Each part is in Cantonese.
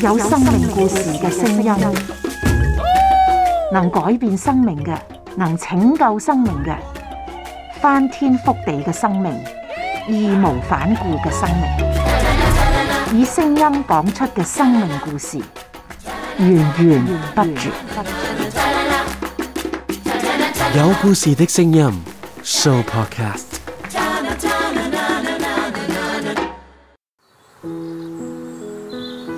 有生命故事嘅聲音，能改變生命嘅，能拯救生命嘅，翻天覆地嘅生命，義無反顧嘅生命，以聲音講出嘅生命故事，源源不絕。有故事嘅聲音，Show Podcast。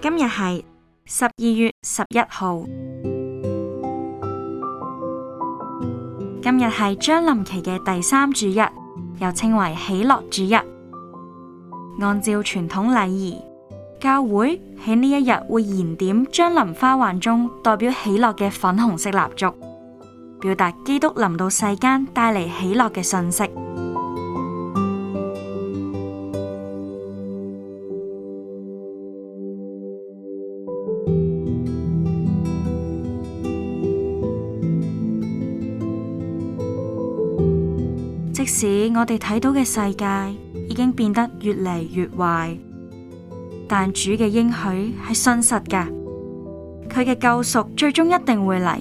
今日係十二月十一號，今日係將臨期嘅第三主日，又稱為喜樂主日。按照傳統禮儀，教會喺呢一日會燃點將臨花環中代表喜樂嘅粉紅色蠟燭，表達基督臨到世間帶嚟喜樂嘅信息。使我哋睇到嘅世界已經變得越嚟越壞，但主嘅應許係信實噶，佢嘅救贖最終一定會嚟。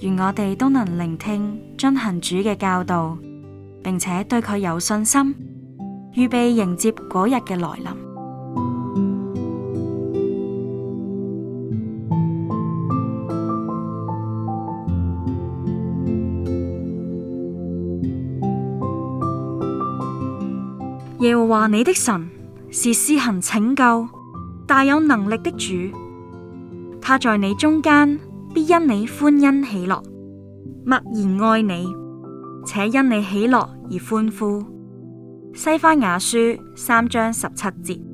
願我哋都能聆聽、遵行主嘅教導，並且對佢有信心，預備迎接嗰日嘅來臨。耶和華你的神是施行拯救、大有能力的主，他在你中間，必因你歡欣喜樂，默然愛你，且因你喜樂而歡呼。西番雅書三章十七節。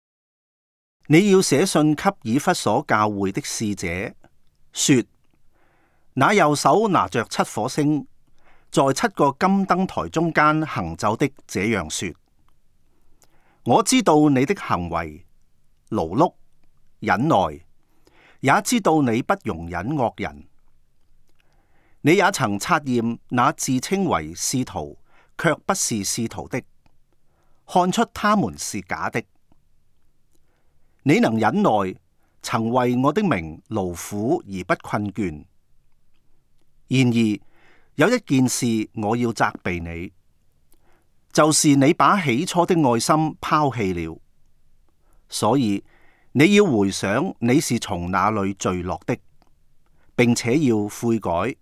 你要寫信給以弗所教會的侍者，說：那右手拿着七火星，在七個金燈台中間行走的這樣說：我知道你的行為、勞碌、忍耐，也知道你不容忍惡人。你也曾測驗那自稱為使徒卻不是使徒的，看出他們是假的。你能忍耐，曾為我的名勞苦而不困倦。然而有一件事我要責備你，就是你把起初的愛心拋棄了。所以你要回想你是從哪裏墜落的，並且要悔改，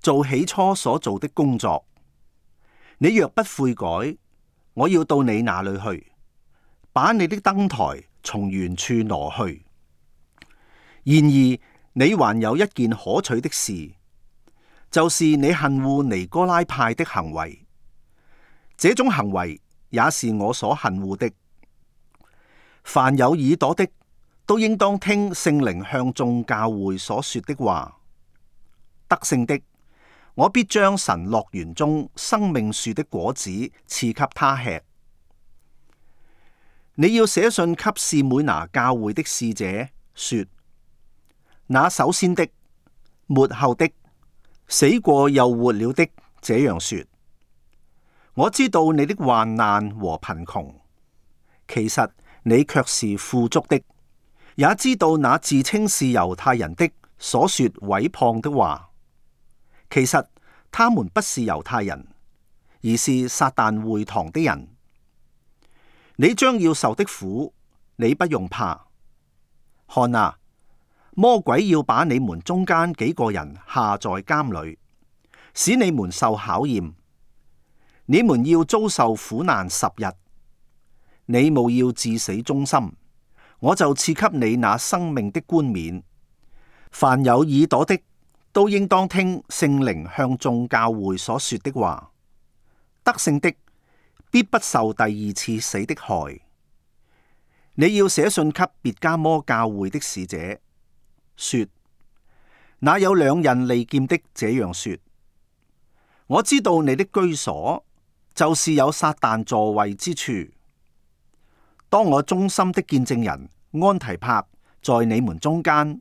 做起初所做的工作。你若不悔改，我要到你那裏去，把你的燈臺，從原處挪去。然而，你還有一件可取的事，就是你恨惡尼哥拉派的行為。這種行為也是我所恨惡的。凡有耳朵的，都應當聽聖靈向眾教會所說的話。得勝的，我必將神樂園中生命樹的果子賜給他吃。你要寫信給士每拿教會的侍者，說：那首先的、末後的、死過又活了的，這樣說。我知道你的患難和貧窮，其實你卻是富足的；也知道那自稱是猶太人的所說毀謗的話，其實他們不是猶太人，而是撒旦會堂的人。你將要受的苦，你不用怕。看啊，魔鬼要把你們中間幾個人下在監裏，使你們受考驗。你們要遭受苦難十日。你務要至死忠心，我就賜給你那生命的冠冕。凡有耳朵的，都應當聽聖靈向眾教會所說的話。得勝的。必不受第二次死的害。你要寫信給別迦摩教會的使者，說：那有兩人利劍的這樣說。我知道你的居所就是有撒旦座位之處。當我忠心的見證人安提帕在你們中間，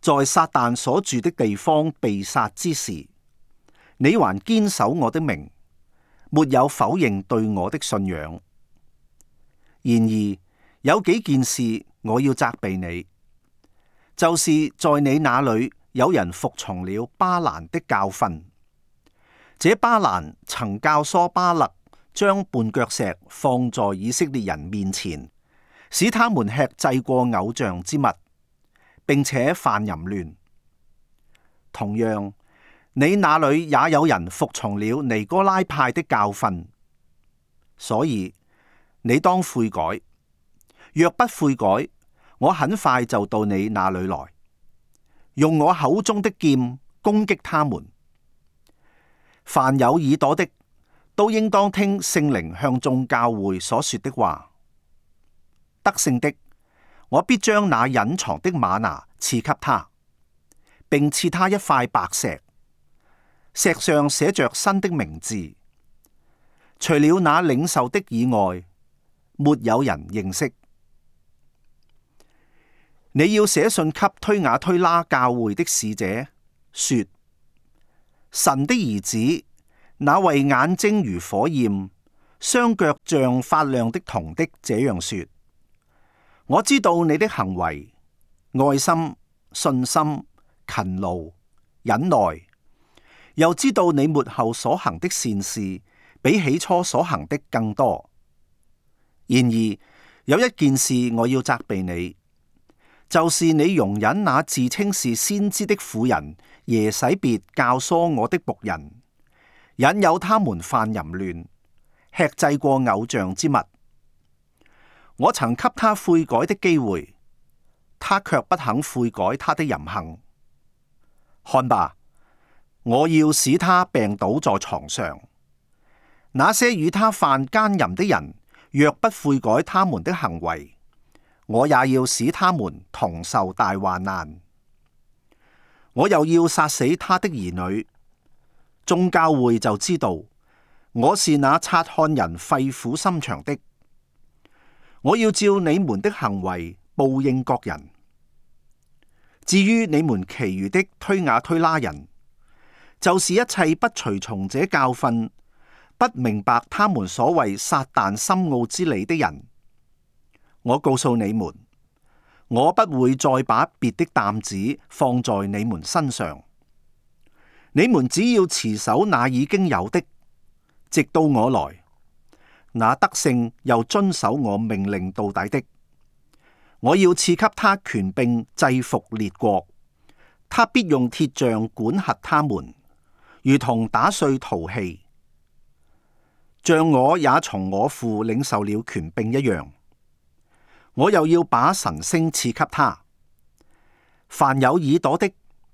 在撒旦所住的地方被殺之時，你還堅守我的名。沒有否認對我的信仰，然而有幾件事我要責備你，就是在你那裏有人服從了巴蘭的教訓。這巴蘭曾教唆巴勒將絆腳石放在以色列人面前，使他們吃祭過偶像之物，並且犯淫亂。同樣。你那裏也有人服從了尼哥拉派的教訓，所以你當悔改。若不悔改，我很快就到你那裏來，用我口中的劍攻擊他們。凡有耳朵的，都應當聽聖靈向眾教會所說的話。得勝的，我必將那隱藏的瑪拿賜給他，並賜他一塊白石。石上寫着新的名字，除了那領受的以外，沒有人認識。你要寫信給推雅推拉教會的使者，說：神的兒子，那位眼睛如火焰、雙腳像發亮的銅的，這樣說：我知道你的行為、愛心、信心、勤勞、忍耐。又知道你末後所行的善事，比起初所行的更多。然而有一件事我要責備你，就是你容忍那自稱是先知的婦人耶洗別教唆我的僕人，引誘他們犯淫亂，吃祭過偶像之物。我曾給他悔改的機會，他卻不肯悔改他的淫行。看吧。我要使他病倒在床上。那些與他犯奸淫的人，若不悔改他們的行為，我也要使他們同受大患難。我又要殺死他的兒女。眾教會就知道我是那察看人肺腑心腸的。我要照你們的行為報應各人。至於你們其餘的推雅推拉人，就是一切不隨從者教訓不明白他們所謂撒但深奧之理的人。我告訴你們，我不會再把別的擔子放在你們身上。你們只要持守那已經有的，直到我來。那得勝又遵守我命令到底的，我要賜給他權柄，並制服列國。他必用鐵杖管轄他們。如同打碎陶器，像我也從我父領受了權柄一樣，我又要把晨星賜給他。凡有耳朵的，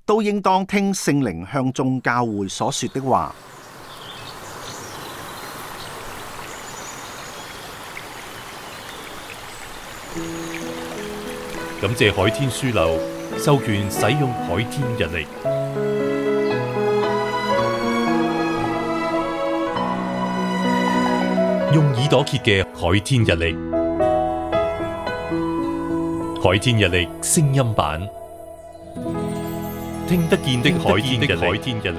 都應當聽聖靈向眾教會所說的話。感謝海天書樓授權使用海天日曆。用耳朵揭嘅《海天日曆》，《海天日曆》聲音版，聽得見的《海天日曆》。